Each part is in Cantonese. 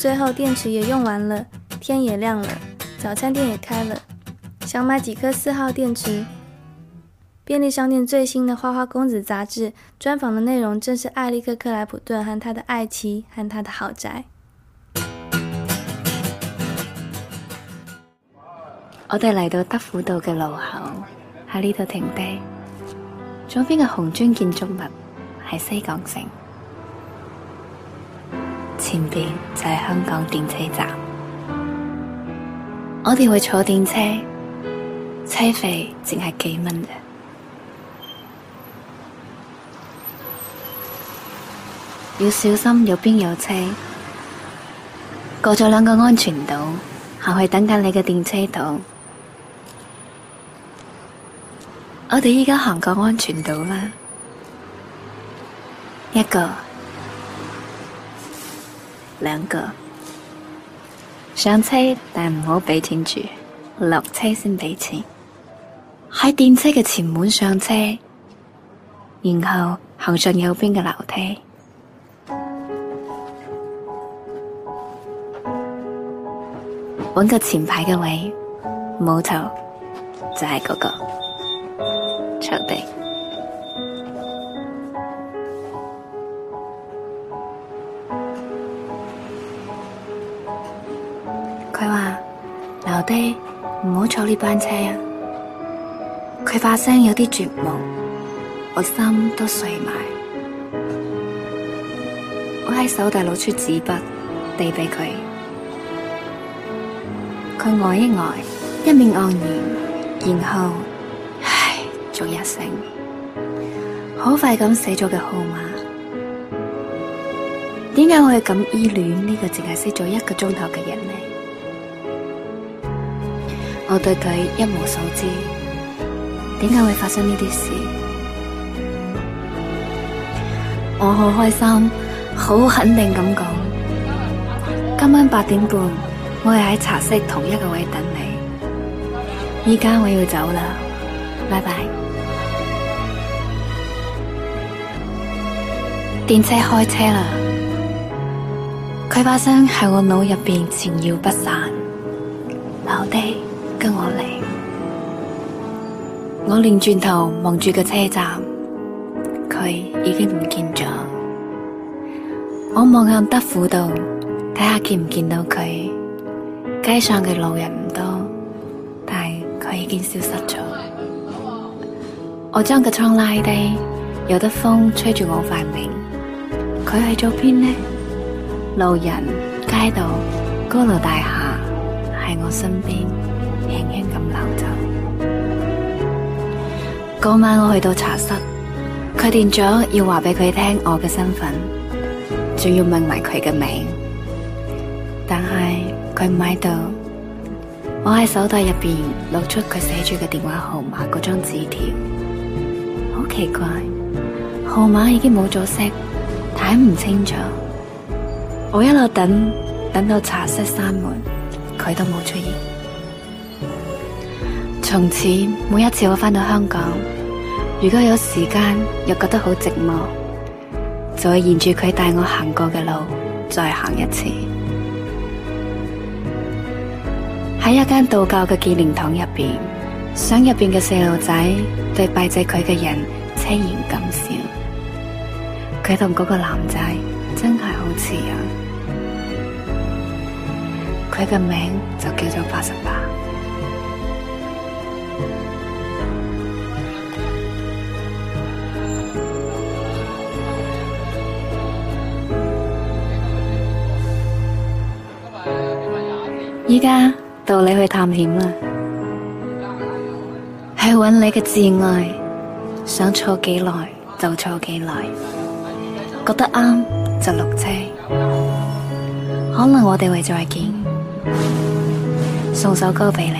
最後電池也用完了，天也亮了，早餐店也開了。想買幾顆四號電池。便利商店最新的《花花公子》雜誌專訪的內容，正是艾立克克萊普頓和他的愛妻和他的豪宅。我哋嚟到德輔道嘅路口，喺呢度停低。左邊嘅紅磚建築物係西港城。前邊就係香港電車站，我哋會坐電車，車費淨係幾蚊嘅。要小心有邊有車，過咗兩個安全島，行去等緊你嘅電車島。我哋而家行過安全島啦，一個。兩個上車，但唔好俾錢住，落車先俾錢。喺電車嘅前門上車，然後行上右邊嘅樓梯，揾個前排嘅位，冇頭就係、是、嗰、那個場地。.佢話留低唔好坐呢班車啊！佢發聲有啲絕望，我心都碎埋。我喺手袋攞出紙筆，遞俾佢。佢呆一呆，一面愕然，然後唉，做一聲。好快咁寫咗個號碼。點解我係咁依戀呢個淨係識咗一個鐘頭嘅人呢？我對佢一無所知，點解會發生呢啲事？我好開心，好肯定咁講，今晚八點半，我會喺茶室同一個位等你。依家我要走啦，拜拜。電車開車啦，佢把聲喺我腦入面纏繞不散，留低。跟我嚟，我連轉頭望住個車站，佢已經唔見咗。我望向德輔道睇下見唔見到佢，街上嘅路人唔多，但係佢已經消失咗。我將個窗拉低，有得風吹住我塊面。佢去咗邊呢？路人、街道、高樓大廈喺我身邊。嗰晚我去到茶室，決定咗要話俾佢聽我嘅身份，仲要問埋佢嘅名字，但係佢唔喺度。我喺手袋入邊攞出佢寫住嘅電話號碼嗰張紙條，好奇怪，號碼已經冇咗色，睇唔清楚。我一路等，等到茶室閂門，佢都冇出現。從此每一次我返到香港，如果有時間又覺得好寂寞，就會沿住佢帶我行過嘅路再行一次。喺一間道教嘅紀念堂入面，想入面嘅細路仔對拜祭佢嘅人淒然咁笑。佢同嗰個男仔真係好似呀，佢嘅名字就叫做八十八。依家到你去探險啦，去揾你嘅摯愛，想坐幾耐就坐幾耐，覺得啱就落車。可能我哋會再見，送首歌俾你。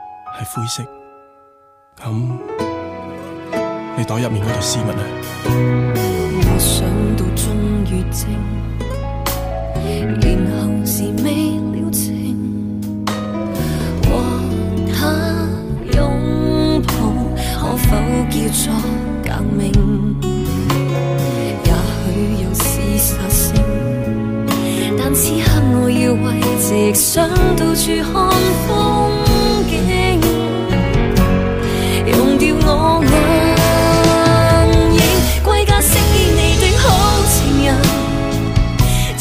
是灰色，咁你袋入面嗰條絲襪咧？我想到終於靜，然後是未了情，和他擁抱可否叫做革命？也許有事實性，但此刻我要慰藉，想到處看風。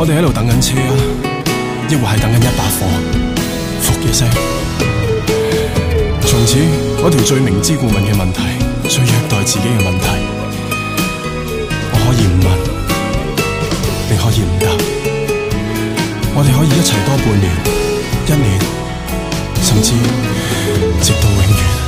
我哋喺度等緊車啊，抑或係等緊一把火？服一聲。從此，嗰條最明知故問嘅問題，最虐待自己嘅問題，我可以唔問，你可以唔答。我哋可以一齊多半年、一年，甚至直到永遠。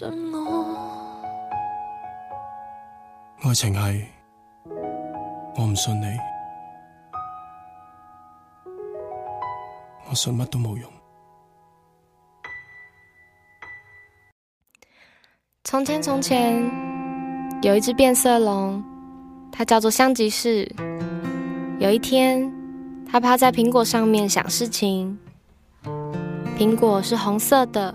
真的哦，愛情係，我唔信你，我信乜都冇用。從前從前有一隻變色龍，它叫做香吉士。有一天，它趴在蘋果上面想事情，蘋果是紅色的。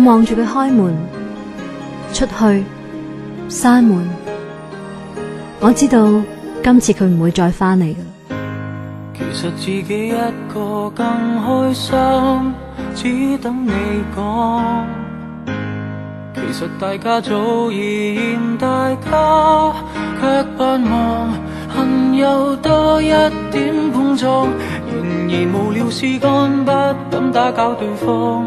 我望住佢開門，出去，閂門。我知道，今次佢唔會再翻嚟㗎喇。其實自己一個更開心，只等你講。其實大家早已嫌大家卻不忘，卻扮忙，恨有多一點碰撞，然而無聊時間不敢打攪對方。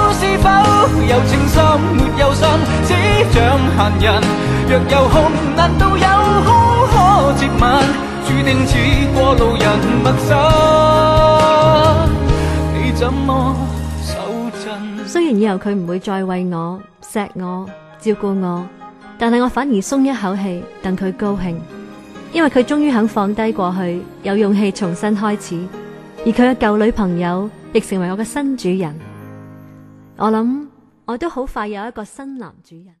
雖然以後佢唔會再為我錫我照顧我，但係我反而鬆一口氣，等佢高興，因為佢終於肯放低過去，有勇氣重新開始，而佢嘅舊女朋友亦成為我嘅新主人。我諗，我都好快有一個新男主人。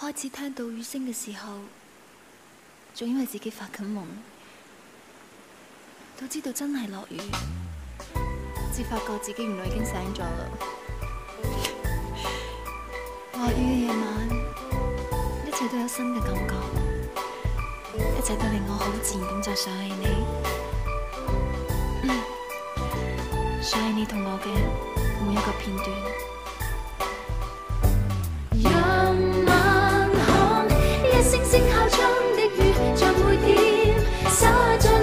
開始聽到雨聲嘅時候，仲因為自己發緊夢，都知道真係落雨，至發覺自己原來已經醒咗啦。落雨嘅夜晚，一切都有新嘅感覺，一切都令我好自然咁就想起你，嗯、想起你同我嘅每一個片段。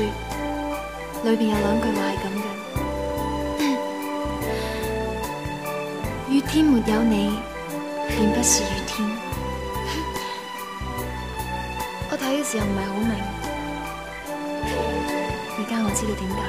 裏面有兩句話係咁嘅，雨天沒有你便不是雨天。我睇嘅時候唔係好明，而家我知道點解啦。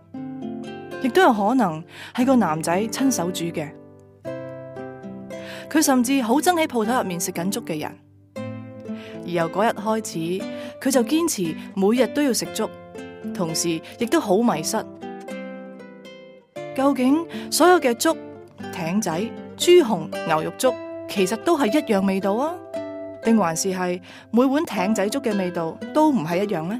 亦都有可能係個男仔親手煮嘅，佢甚至好憎喺鋪頭入面食緊粥嘅人，而由嗰日開始，佢就堅持每日都要食粥，同時亦都好迷失。究竟所有嘅粥、艇仔、豬紅牛肉粥，其實都係一樣味道啊？定還是係每碗艇仔粥嘅味道都唔係一樣呢？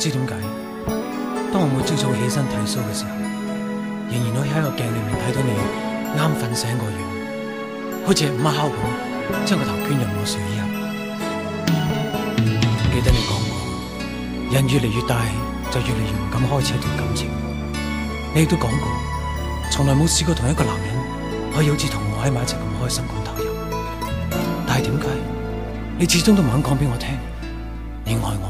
唔知點解，當我每朝早起身剃鬚嘅時候，仍然可以喺個鏡裏面睇到你啱瞓醒個樣，好似係隻貓咁，將個頭捐入我睡衣。入記得你講過，人越嚟越大就越嚟越唔敢開始一段感情。你亦都講過，從來冇試過同一個男人可以好似同我喺埋一齊咁開心咁投入。但係點解你始終都唔肯講俾我聽，你愛我？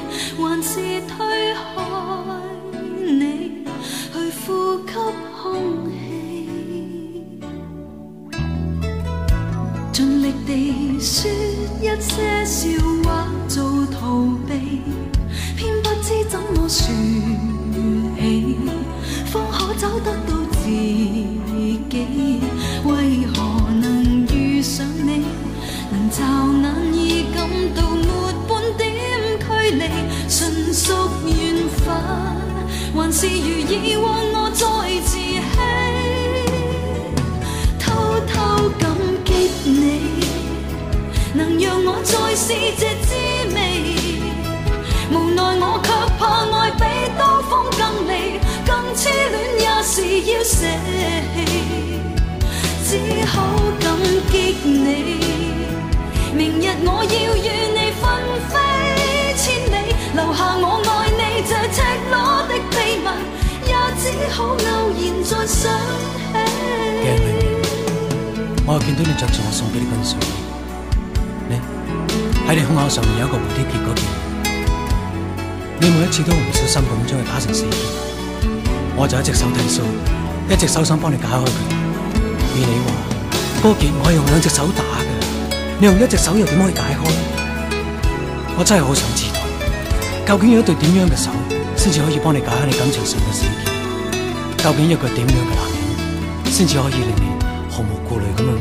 你用一隻手又點可以解開呢？我真係好想知道，究竟有一對點樣嘅手，先至可以幫你解開你感情上嘅死結？究竟一個點樣嘅男人，先至可以令你毫無顧慮咁樣？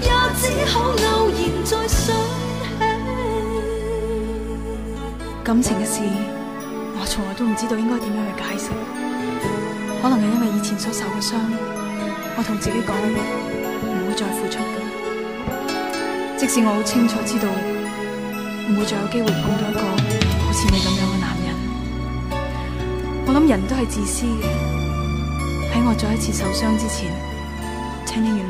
也只好偶然再想起感情嘅事，我從來都唔知道應該點樣去解釋。可能係因為以前所受嘅傷，我同自己講唔會再付出嘅。即使我好清楚知道唔會再有機會碰到一個好似你咁樣嘅男人，我諗人都係自私嘅。喺我再一次受傷之前，請你原諒。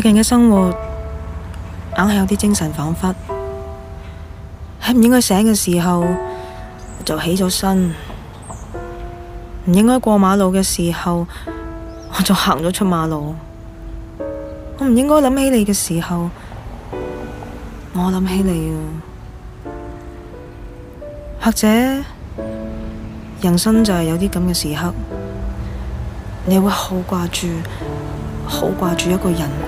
最近嘅生活，硬係有啲精神恍惚。喺唔應該醒嘅時候就起咗身，唔應該過馬路嘅時候我就行咗出馬路。我唔應該諗起你嘅時候，我諗起你啊。或者人生就係有啲咁嘅時刻，你會好掛住，好掛住一個人。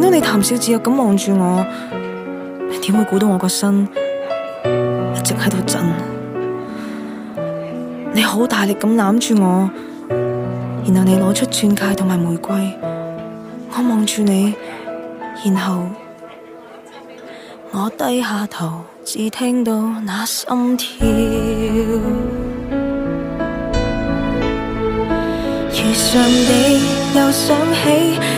見到你談笑自若咁望住我，你點會估到我個身一直喺度震？你好大力咁攬住我，然後你攞出鑽戒同埋玫瑰，我望住你，然後我低下頭，只聽到那心跳。如常地又想起。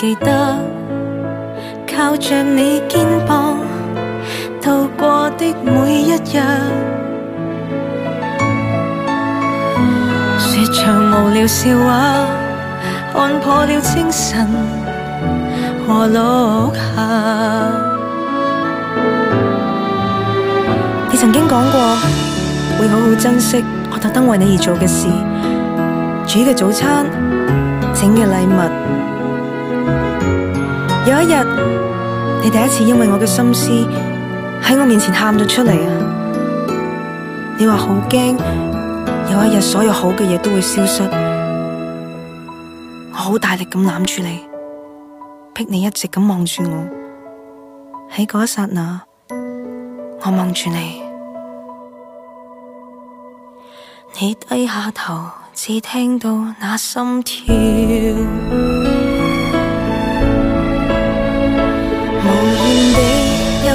記得靠着你肩膀度過的每一日，說場無聊笑話，看破了清晨和落霞。你曾經講過會好好珍惜，我特登為你而做嘅事，煮嘅早餐，整嘅禮物。有一日，你第一次因為我嘅心思喺我面前喊咗出嚟啊！你話好驚，有一日所有好嘅嘢都會消失。我好大力咁攬住你，逼你一直咁望住我。喺嗰一剎那，我望住你，你低下頭，只聽到那心跳。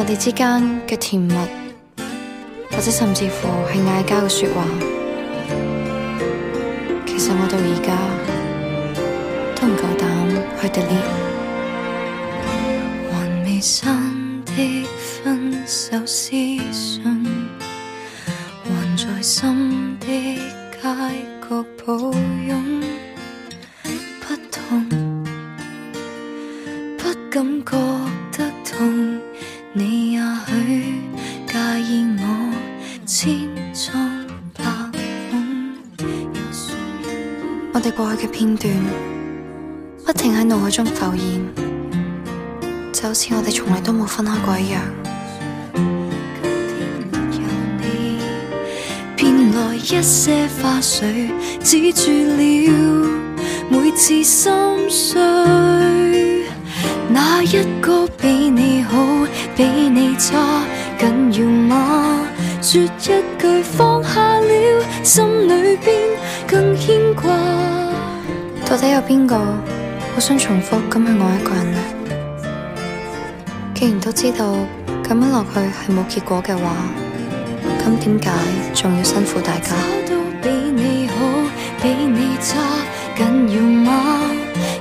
我哋之間嘅甜蜜，或者甚至乎係嗌交嘅說話，其實我到而家都唔夠膽去 delete。還未散的分手私信，還在心的街角抱擁，不痛，不感覺得痛。你也許介意我千瘡百孔，我哋過去嘅片段不停喺腦海中浮現，就好似我哋從來都冇分開過一樣。今天有地，編來一些花絮，止住了每次心碎。下一個比你好，比你差，緊要嗎？說一句放下了，心裏邊更牽掛。到底有邊個好想重複？咁係我一個人啊？既然都知道咁樣落去係冇結果嘅話，咁點解仲要辛苦大家？下一個比你好，比你差，緊要嗎？要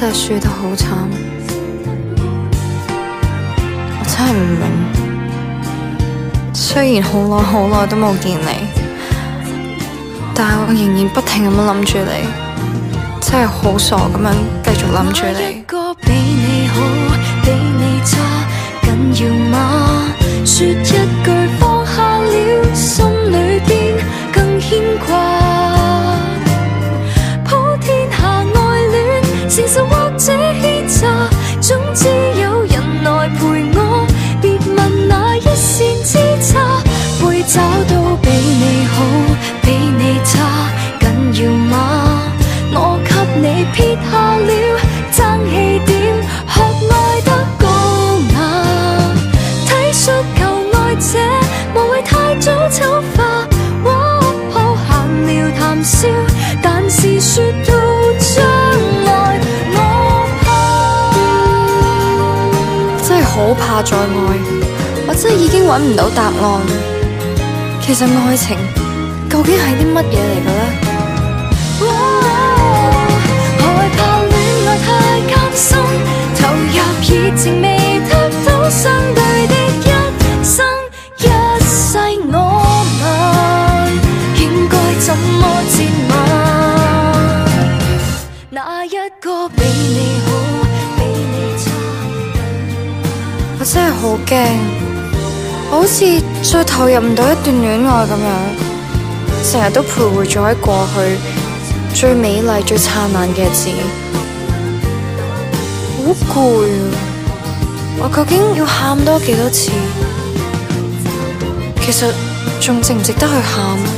真係輸得好慘，我真係唔明白。雖然好耐好耐都冇見你，但係我仍然不停咁樣諗住你，真係好傻咁樣繼續諗住你。再愛我真係已經揾唔到答案了。其實愛情究竟係啲乜嘢嚟嘅咧？好驚，我好似再投入唔到一段戀愛咁樣，成日都徘徊咗喺過去最美麗、最燦爛嘅日子，好攰啊！我究竟要喊多幾多次？其實仲值唔值得去喊？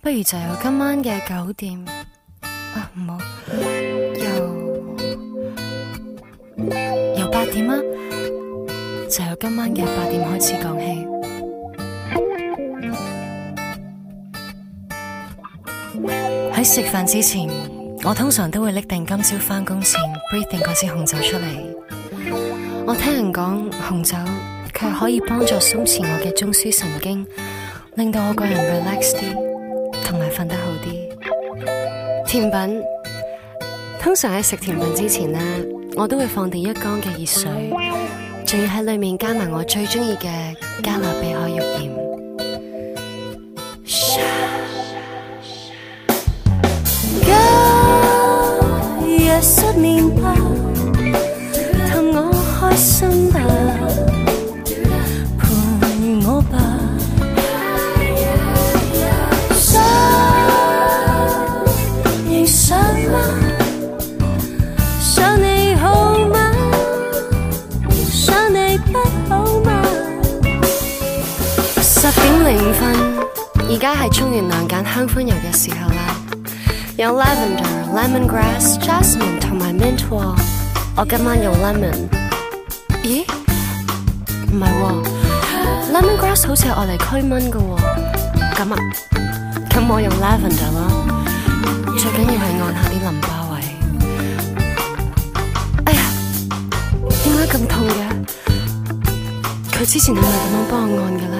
不如就由今晚嘅九點啊，唔好由由八點啊，就由今晚嘅八點開始講起。喺食飯之前，我通常都會拎定今朝翻工前 breathing 嗰支紅酒出嚟。我聽人講紅酒佢係可以幫助鬆弛我嘅中樞神經，令到我個人 relax 啲。同埋瞓得好啲，甜品通常喺食甜品之前咧，我都會放定一缸嘅熱水，仲要喺裏面加埋我最中意嘅加勒比海浴鹽。沖完涼揀香薰油嘅時候啦，有 lavender、lemon grass、jasmine 同埋 mint 喎。我今晚用 lemon，咦？唔係喎，lemon grass 好似係愛嚟驅蚊嘅喎。咁啊，咁我用 lavender 啦。最緊要係按下啲淋巴位。哎呀，點解咁痛嘅？佢之前係咪咁樣幫我按嘅咧？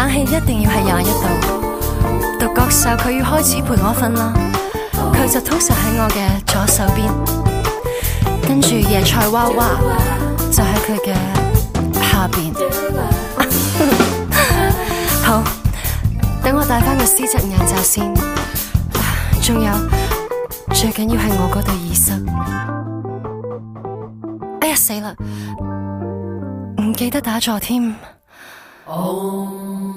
冷氣一定要係廿一度，獨角獸佢要開始陪我瞓啦，佢就通常喺我嘅左手邊，跟住椰菜娃娃就喺佢嘅下邊。好，等我戴翻個絲質眼罩先，仲有最緊要係我嗰對耳塞。哎呀死啦，唔記得打坐添。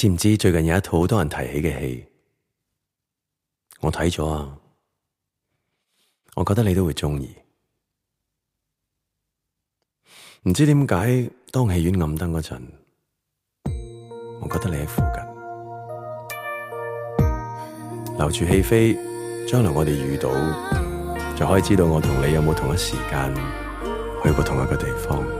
知唔知最近有一套好多人提起嘅戲？我睇咗啊，我覺得你都會中意。唔知點解當戲院暗燈嗰陣，我覺得你喺附近。留住戲飛，將來我哋遇到就可以知道我同你有冇同一時間去過同一個地方。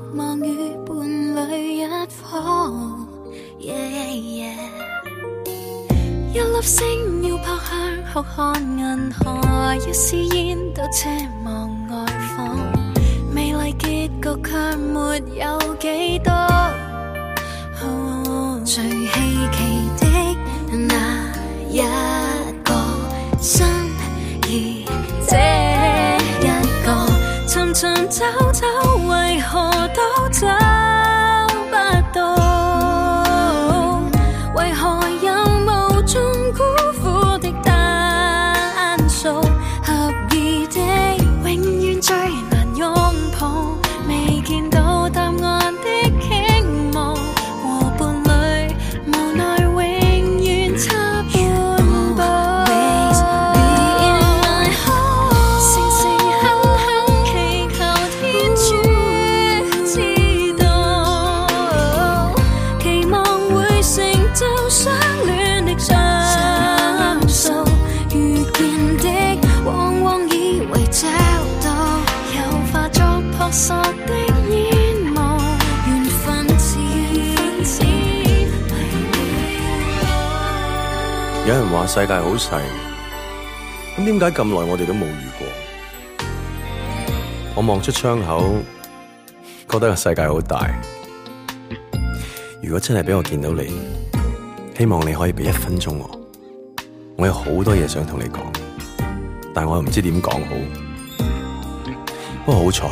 細，咁點解咁耐我哋都冇遇過？我望出窗口，覺得個世界好大。如果真係俾我見到你，希望你可以俾一分鐘我，我有好多嘢想同你講，但係我又唔知點講好。不過好彩，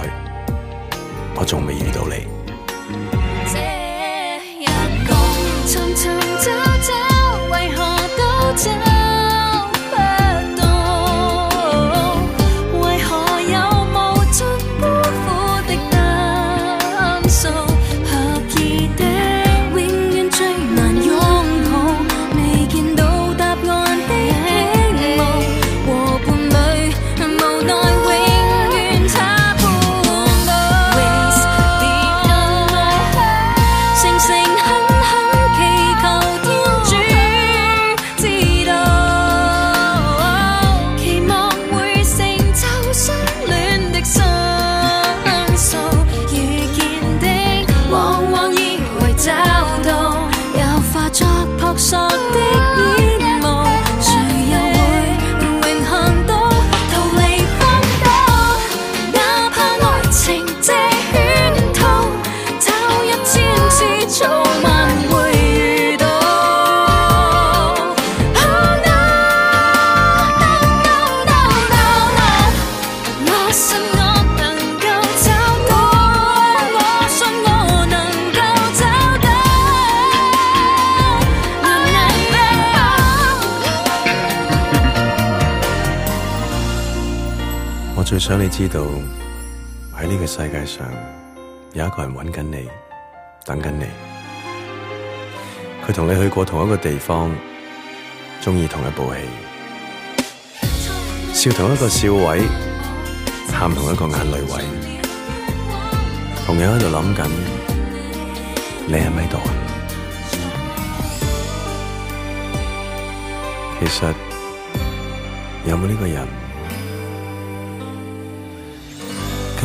我仲未遇到你。這樣從從著著為何都想你知道喺呢個世界上有一個人揾緊你，等緊你。佢同你去過同一個地方，鍾意同一部戲，笑同一個笑位，喊同一個眼淚位，同樣喺度諗緊你喺咪度？其實有冇呢個人？